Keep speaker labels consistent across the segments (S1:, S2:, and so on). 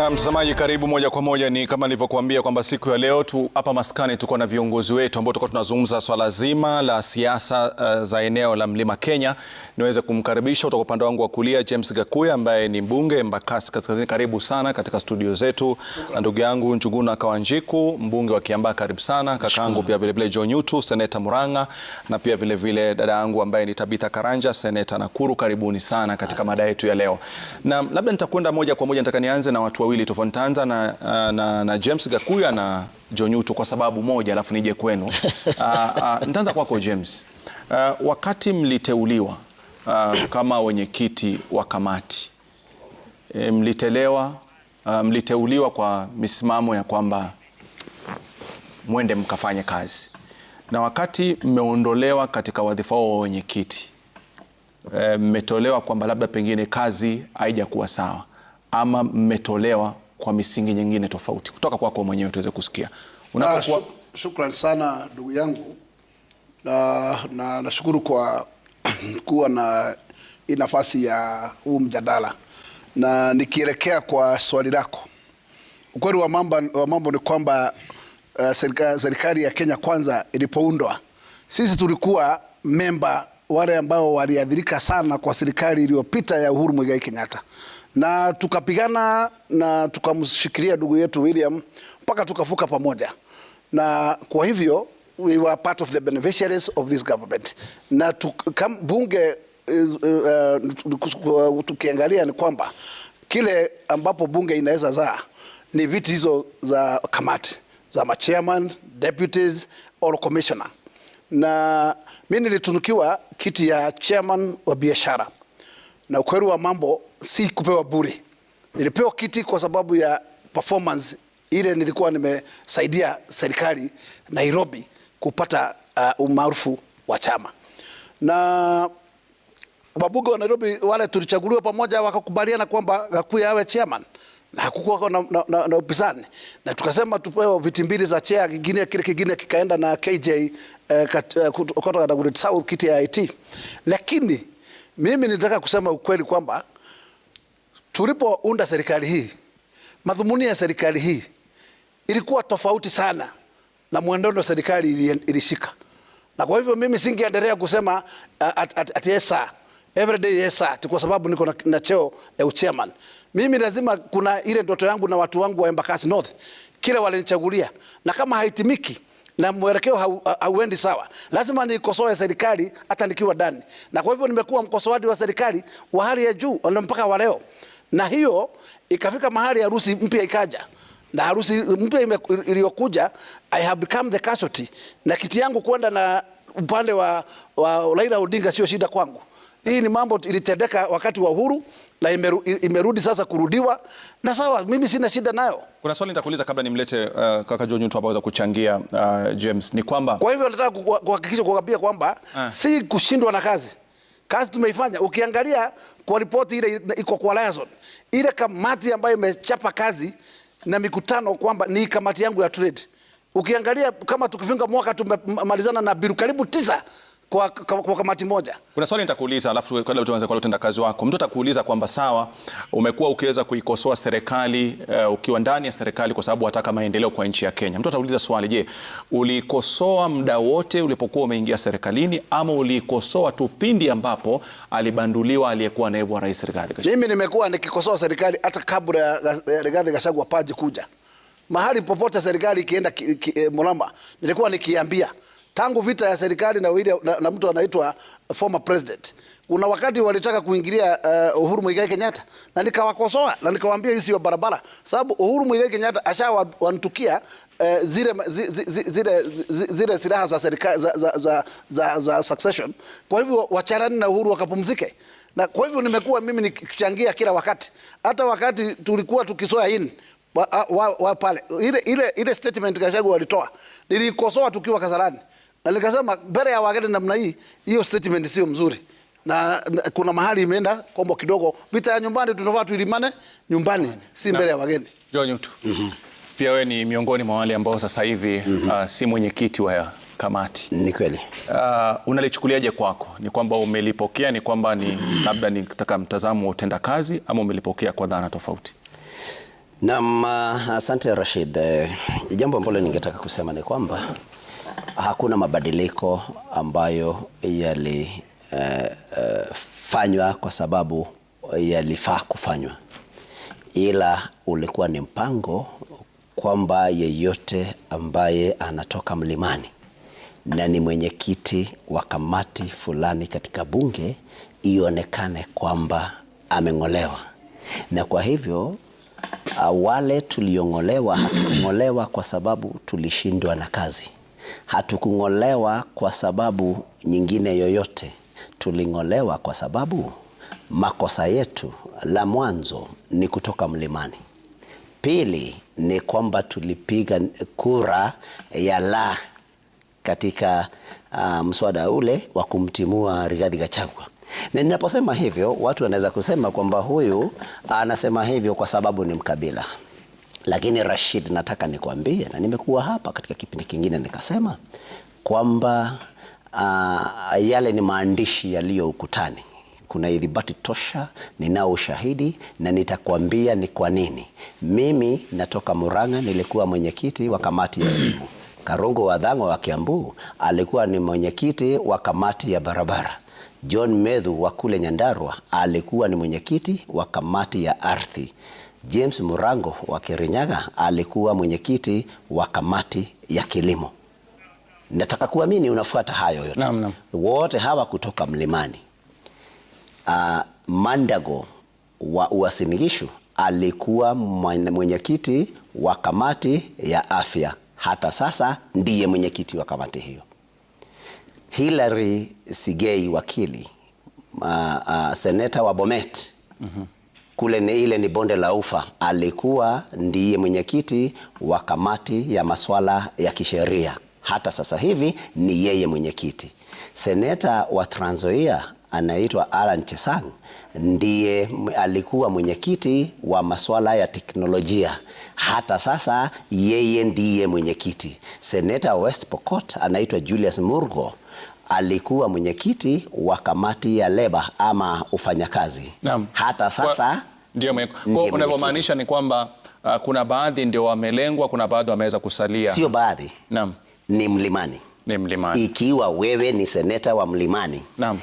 S1: Na mtazamaji, karibu moja kwa moja. Ni kama nilivyokuambia kwamba siku ya leo tu hapa maskani tuko na viongozi wetu ambao tulikuwa tunazungumza swala zima la siasa uh, za eneo la Mlima Kenya. Niweze kumkaribisha kutoka upande wangu wa kulia James Gakuya ambaye ni mbunge Embakasi Kaskazini, karibu sana katika studio zetu, na ndugu yangu Njuguna Kawanjiku, mbunge wa Kiambaa, karibu sana kakaangu, pia vilevile John Nyutu, seneta Murang'a, na pia vilevile dada yangu ambaye ni Tabitha Karanja, seneta Nakuru, karibuni sana katika mada yetu ya leo. Na labda nitakwenda moja kwa moja, nataka nianze na watu wawili tofauti. Nitaanza na, uh, na, na James Gakuya na Jonyuto kwa sababu moja, alafu nije kwenu. Uh, uh, nitaanza kwako James. A, wakati mliteuliwa uh, kama wenyekiti wa kamati e, mlitelewa uh, mliteuliwa kwa misimamo ya kwamba mwende mkafanye kazi, na wakati mmeondolewa katika wadhifa wa wenyekiti eh, mmetolewa kwamba labda pengine kazi haijakuwa sawa ama mmetolewa kwa misingi nyingine tofauti? Kutoka kwako kwa mwenyewe tuweze kusikia
S2: unapokuwa. Ah, shukrani shukran sana ndugu yangu na, na nashukuru kwa kuwa na hii nafasi ya huu mjadala, na nikielekea kwa swali lako, ukweli wa mambo, wa mambo ni kwamba uh, serikali ya Kenya kwanza ilipoundwa sisi tulikuwa memba wale ambao waliadhirika sana kwa serikali iliyopita ya Uhuru Muigai Kenyatta na tukapigana na tukamshikilia ndugu yetu William mpaka tukavuka pamoja, na kwa hivyo we were part of the beneficiaries of this government. Na tukam, bunge uh, uh, tukiangalia ni kwamba kile ambapo bunge inaweza zaa ni viti hizo za kamati za machairman, deputies or commissioner, na mi nilitunukiwa kiti ya chairman wa biashara, na ukweli wa mambo si kupewa bure. Nilipewa kiti kwa sababu ya performance ile nilikuwa nimesaidia serikali Nairobi kupata uh, umaarufu wa chama na wabunge wa Nairobi wale tulichaguliwa pamoja, wakakubaliana kwamba Gakuya awe chairman na hakukuwa na, na, na, na upinzani, na tukasema tupewe viti mbili za chair, kingine kile kingine kikaenda na KJ eh, eh, kutoka Dagoretti South, kiti ya IT. Lakini mimi nitaka kusema ukweli kwamba tulipounda serikali hii, madhumuni ya serikali hii ilikuwa tofauti sana na mwenendo serikali ilishika, na kwa hivyo mimi singeendelea kusema at, at, at yesa everyday yesa, kwa sababu niko na, na cheo ya eh, chairman. Mimi lazima kuna ile ndoto yangu na watu wangu wa Embakasi North kila walinichagulia, na kama haitimiki na mwelekeo hau, hauendi sawa, lazima nikosoe serikali hata nikiwa ndani, na kwa hivyo nimekuwa mkosoaji wa serikali wa hali ya juu mpaka wa leo na hiyo ikafika mahali harusi mpya ikaja na harusi mpya iliyokuja I have become the casualty, na kiti yangu kwenda na upande wa, wa Raila Odinga sio shida kwangu. Hii ni mambo ilitendeka wakati wa Uhuru na imeru, imerudi sasa kurudiwa, na sawa, mimi sina shida nayo.
S1: Kuna swali nitakuuliza kabla nimlete uh, kaka John Nyuto ambaye kuchangia uh, James, ni kwamba
S2: kwa hivyo nataka kuhakikisha kuambia kwamba uh, si kushindwa na kazi kazi tumeifanya. Ukiangalia kwa ripoti ile iko kwa liaison, ile kamati ambayo imechapa kazi na mikutano kwamba ni kamati yangu ya trade. Ukiangalia kama tukifunga mwaka tumemalizana na biru karibu tisa kwa, kwa, kwa kamati moja.
S1: Kuna swali nitakuuliza, alafu tuanze kwa utendakazi wako, mtu atakuuliza kwamba sawa, umekuwa ukiweza kuikosoa serikali uh, ukiwa ndani ya serikali kwa sababu wataka maendeleo kwa nchi ya Kenya. Mtu atauliza swali, je, ulikosoa muda wote ulipokuwa umeingia serikalini ama ulikosoa tu pindi ambapo alibanduliwa aliyekuwa naibu wa rais Rigathi
S2: Gachagua? Mimi nimekuwa nikikosoa serikali hata kabla ya Rigathi Gachagua paji kuja. Mahali popote serikali ikienda ki, ki, eh, Mulamba nilikuwa nikiambia tangu vita ya serikali na, na, na mtu anaitwa former president. Kuna wakati walitaka kuingilia uh, Uhuru Muigai Kenyatta na nikawakosoa na nikawaambia hii sio barabara, sababu Uhuru Muigai Kenyatta ashawantukia uh, zile, zile, zile, zile silaha za, serikali za, za, za, za, za succession. Kwa hivyo wacharani na Uhuru wakapumzike na kwa hivyo nimekuwa mimi nikichangia kila wakati, hata wakati tulikuwa tukisoa in wa, wa, wa pale ile, ile, ile statement Gachagua walitoa nilikosoa tukiwa Kasarani. Na nikasema mbele ya wageni namna hii, hiyo statement sio mzuri. Na kuna mahali imeenda kombo kidogo. Vita ya nyumbani tunavaa tuilimane nyumbani, si mbele ya wageni.
S1: John Nyutu, Mm -hmm. Pia wewe ni miongoni mwa wale ambao sasa hivi mm -hmm. uh, si mwenyekiti wa kamati. Ni kweli. Uh, unalichukuliaje kwako? Ni kwamba umelipokea, ni kwamba ni labda nitaka mtazamo wa kazi ama umelipokea kwa dhana tofauti?
S3: Naam, uh, asante Rashid. Eh, jambo ambalo ningetaka kusema ni kwamba hakuna mabadiliko ambayo yalifanywa eh, eh, uh, uh, kwa sababu yalifaa kufanywa, ila ulikuwa ni mpango kwamba yeyote ambaye anatoka mlimani na ni mwenyekiti wa kamati fulani katika bunge ionekane kwamba ameng'olewa, na kwa hivyo ah, wale tuliong'olewa hatukung'olewa kwa sababu tulishindwa na kazi. Hatukung'olewa kwa sababu nyingine yoyote, tuling'olewa kwa sababu makosa yetu la mwanzo ni kutoka mlimani. Pili ni kwamba tulipiga kura ya la katika uh, mswada ule wa kumtimua Rigathi Gachagua. Na ninaposema hivyo, watu wanaweza kusema kwamba huyu anasema hivyo kwa sababu ni mkabila. Lakini Rashid, nataka nikwambie, na nimekuwa hapa katika kipindi kingine nikasema kwamba uh, yale ni maandishi yaliyo ukutani. Kuna idhibati tosha, ninao ushahidi na nitakwambia ni kwa nini. Mimi natoka Murang'a, nilikuwa mwenyekiti wa kamati ya elimu. Karungu Dhang'o wa Kiambu alikuwa ni mwenyekiti wa kamati ya barabara. John Medhu wa kule Nyandarua alikuwa ni mwenyekiti wa kamati ya ardhi. James Murango wa Kirinyaga alikuwa mwenyekiti wa kamati ya kilimo. Nataka kuamini unafuata hayo yote. Naam, naam. Wote hawa kutoka Mlimani. Uh, Mandago wa Uasin Gishu alikuwa mwenyekiti wa kamati ya afya, hata sasa ndiye mwenyekiti wa kamati hiyo. Hilary Sigei wakili, uh, uh, seneta wa Bomet mm -hmm kule ni ile ni bonde la ufa, alikuwa ndiye mwenyekiti wa kamati ya masuala ya kisheria. Hata sasa hivi ni yeye mwenyekiti. Seneta wa Trans Nzoia anaitwa alan Chesang ndiye alikuwa mwenyekiti wa masuala ya teknolojia. Hata sasa yeye ndiye mwenyekiti. Seneta wa West Pokot anaitwa Julius Murgo alikuwa mwenyekiti wa kamati ya leba ama ufanyakazi. Naam.
S1: Hata sasa ndio unavyomaanisha ni kwamba uh, kuna baadhi ndio wamelengwa, kuna baadhi wameweza kusalia.
S3: Sio baadhi. Naam. Ni Mlimani. Ni Mlimani. Ikiwa wewe ni seneta wa Mlimani. Naam.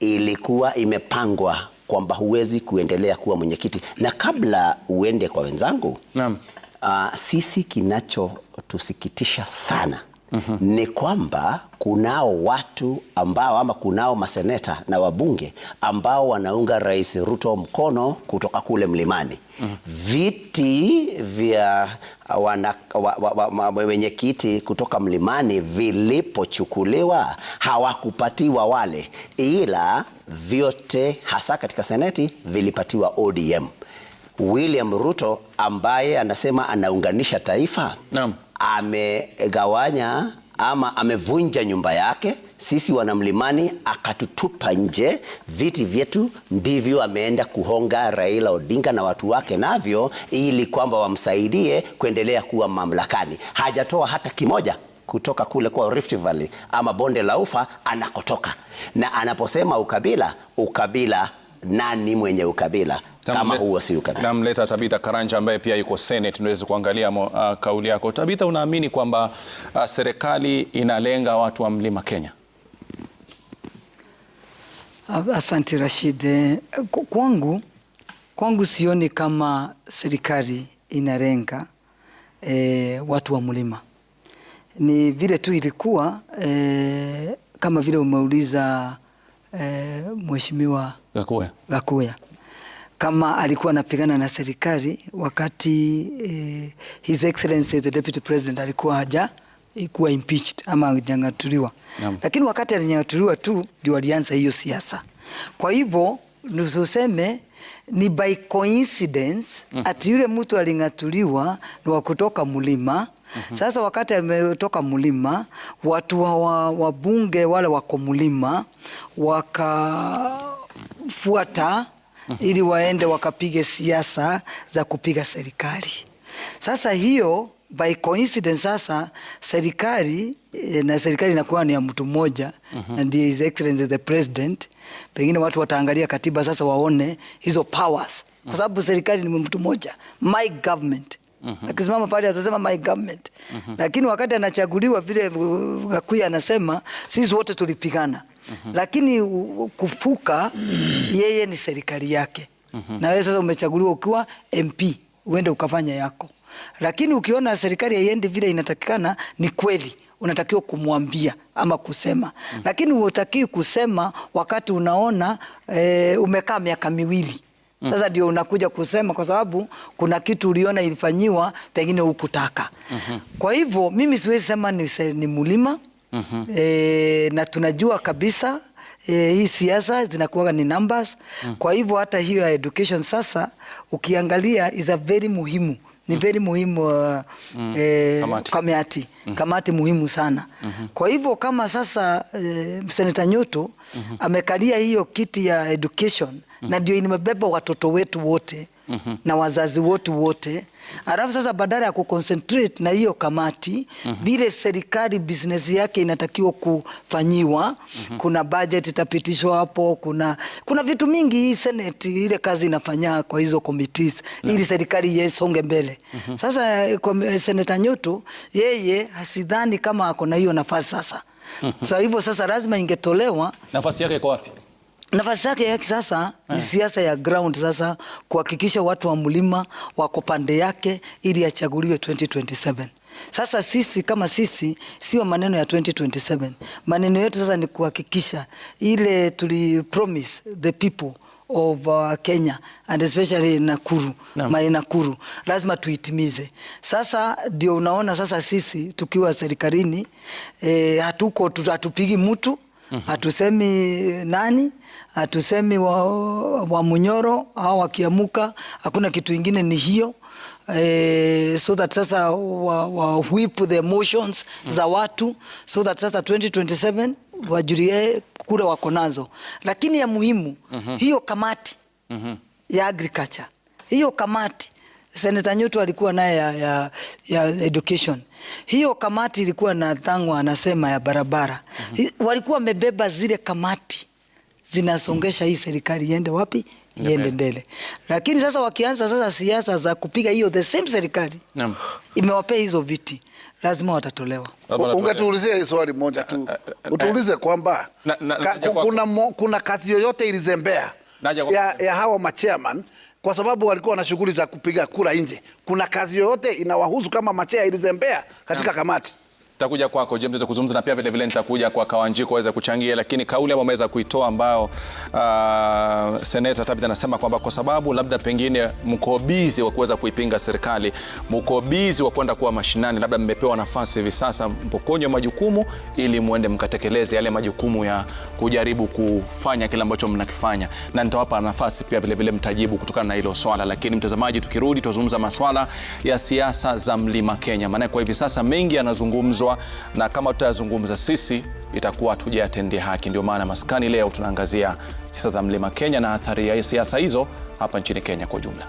S3: Ilikuwa imepangwa kwamba huwezi kuendelea kuwa mwenyekiti, na kabla uende kwa wenzangu. Naam. Uh, sisi kinachotusikitisha sana -hmm. ni kwamba kunao watu ambao ama kunao maseneta na wabunge ambao wanaunga Rais Ruto mkono kutoka kule mlimani mm -hmm. viti vya wenyekiti kutoka mlimani vilipochukuliwa hawakupatiwa wale, ila vyote hasa katika seneti vilipatiwa ODM. William Ruto ambaye anasema anaunganisha taifa Naam amegawanya ama amevunja nyumba yake, sisi wanamlimani akatutupa nje, viti vyetu ndivyo ameenda kuhonga Raila Odinga na watu wake navyo, ili kwamba wamsaidie kuendelea kuwa mamlakani. Hajatoa hata kimoja kutoka kule kwa Rift Valley ama bonde la ufa anakotoka. Na anaposema ukabila, ukabila, nani mwenye ukabila? kama wa sio kabisa.
S1: Namleta Tabitha Karanja ambaye pia yuko Senate, tunaweza kuangalia uh, kauli yako Tabitha, unaamini kwamba uh, serikali inalenga watu wa Mlima Kenya?
S4: Ah, asante Rashid. Eh, kwangu, kwangu sioni kama serikali inalenga e, watu wa mlima. Ni vile tu ilikuwa e, kama vile umeuliza e, Mheshimiwa Gakuya kama alikuwa anapigana na serikali wakati eh, His Excellency the Deputy President alikuwa haja kuwa impeached ama alinyang'atuliwa. Lakini wakati alinyang'atuliwa tu ndio alianza hiyo siasa. Kwa hivyo nusoseme ni by coincidence mm -hmm. Ati yule mtu aling'atuliwa ni wa kutoka mlima Mm -hmm. Sasa wakati ametoka mlima watu wa wabunge wale wako mlima wakafuata ili waende wakapige siasa za kupiga serikali. Sasa hiyo by coincidence, sasa serikali eh, na serikali inakuwa ni ya mtu mmoja mm -hmm. na ndiye his excellency the president. Pengine watu wataangalia katiba sasa waone hizo powers kwa mhm. sababu serikali ni mtu mmoja, my government Mm -hmm. Akisimama pale atasema my government. Mm -hmm. Lakini wakati anachaguliwa vile Gakuya eh, anasema sisi wote tulipigana. -hmm. Lakini kufuka yeye ni serikali yake mm -hmm. Na wewe sasa umechaguliwa ukiwa MP uende ukafanya yako, lakini ukiona serikali haiendi vile inatakikana, ni kweli unatakiwa kumwambia ama kusema mm -hmm. Lakini hutakii kusema wakati unaona e, umekaa miaka miwili Mm. Sasa ndio unakuja kusema kwa sababu kuna kitu uliona ilifanyiwa pengine hukutaka. Mm -hmm. Kwa hivyo mimi siwezi sema ni, ni mulima mm -hmm. E, na tunajua kabisa e, hii siasa zinakuwa ni numbers mm -hmm. Kwa hivyo hata hiyo ya education sasa ukiangalia is a very muhimu ni mhm. very muhimu uh, mm. e, kamati, kamati. Mm. kamati muhimu sana mm -hmm. Kwa hivyo kama sasa e, Seneta Nyoto mm -hmm. amekalia hiyo kiti ya education mm -hmm. na ndio imebeba watoto wetu wote -hmm. na wazazi wote wote, alafu sasa badala ya kuconcentrate na hiyo kamati mhm. vile mm -hmm. serikali business yake inatakiwa kufanyiwa mm -hmm. kuna budget itapitishwa hapo, kuna kuna vitu mingi hii senate ile kazi inafanya kwa hizo committees no. ili serikali yesonge mbele mm -hmm. Sasa kwa seneta Nyoto yeye hasidhani kama ako na hiyo nafasi sasa. mm -hmm. Sasa hivyo sasa lazima ingetolewa
S1: nafasi yake iko wapi?
S4: nafasi yake ya kisasa ni eh. siasa ya ground sasa, kuhakikisha watu wa mlima wako pande yake ili achaguliwe 2027. Sasa sisi kama sisi, sio maneno ya 2027, maneno yetu sasa ni kuhakikisha ile tuli promise the people of uh, Kenya and especially Nakuru no. Mai Nakuru lazima tuitimize. Sasa ndio unaona sasa sisi tukiwa serikalini eh, hatuko hatupigi mtu hatusemi nani, hatusemi wa, wa Munyoro au wakiamuka, hakuna kitu ingine, ni hiyo e, so that sasa wa, wa whip the emotions mm -hmm. za watu so that sasa 2027 wajurie kura wako nazo, lakini ya muhimu mm -hmm. hiyo kamati mm -hmm. ya agriculture hiyo kamati Seneta Nyoto alikuwa naye ya, ya, ya education. Hiyo kamati ilikuwa na Thang'wa anasema ya barabara mm -hmm. Walikuwa wamebeba zile kamati zinasongesha hii serikali iende wapi? Iende mbele. Lakini sasa wakianza sasa siasa za kupiga hiyo the same serikali imewapea hizo viti lazima watatolewa.
S2: Ungetuulizia swali moja tu, utuulize kwamba kuna, kuna kazi yoyote ilizembea ya, ya hawa machairman kwa sababu walikuwa na shughuli za kupiga kura nje. Kuna kazi yoyote inawahusu kama Machea ilizembea katika kamati?
S1: Nitakuja kwako James kuzungumza na pia vile vile nitakuja kwa Kawanjiko waweza kuchangia, lakini kauli ambayo ameweza kuitoa ambao uh, seneta Tabitha anasema kwamba kwa sababu labda pengine mko bizi wa kuweza kuipinga serikali, mko bizi wa kwenda kuwa mashinani, labda mmepewa nafasi hivi sasa mpokonywe majukumu ili muende mkatekeleze yale majukumu ya kujaribu kufanya kile ambacho mnakifanya, na nitawapa nafasi pia vile vile mtajibu kutokana na hilo swala. Lakini mtazamaji, tukirudi tuzungumza masuala ya siasa za Mlima Kenya, maana kwa hivi sasa mengi yanazungumzwa kutolewa, na kama tutayazungumza sisi itakuwa hatujayatendea haki. Ndio maana maskani leo tunaangazia siasa za mlima Kenya na athari ya siasa hizo hapa nchini Kenya kwa ujumla.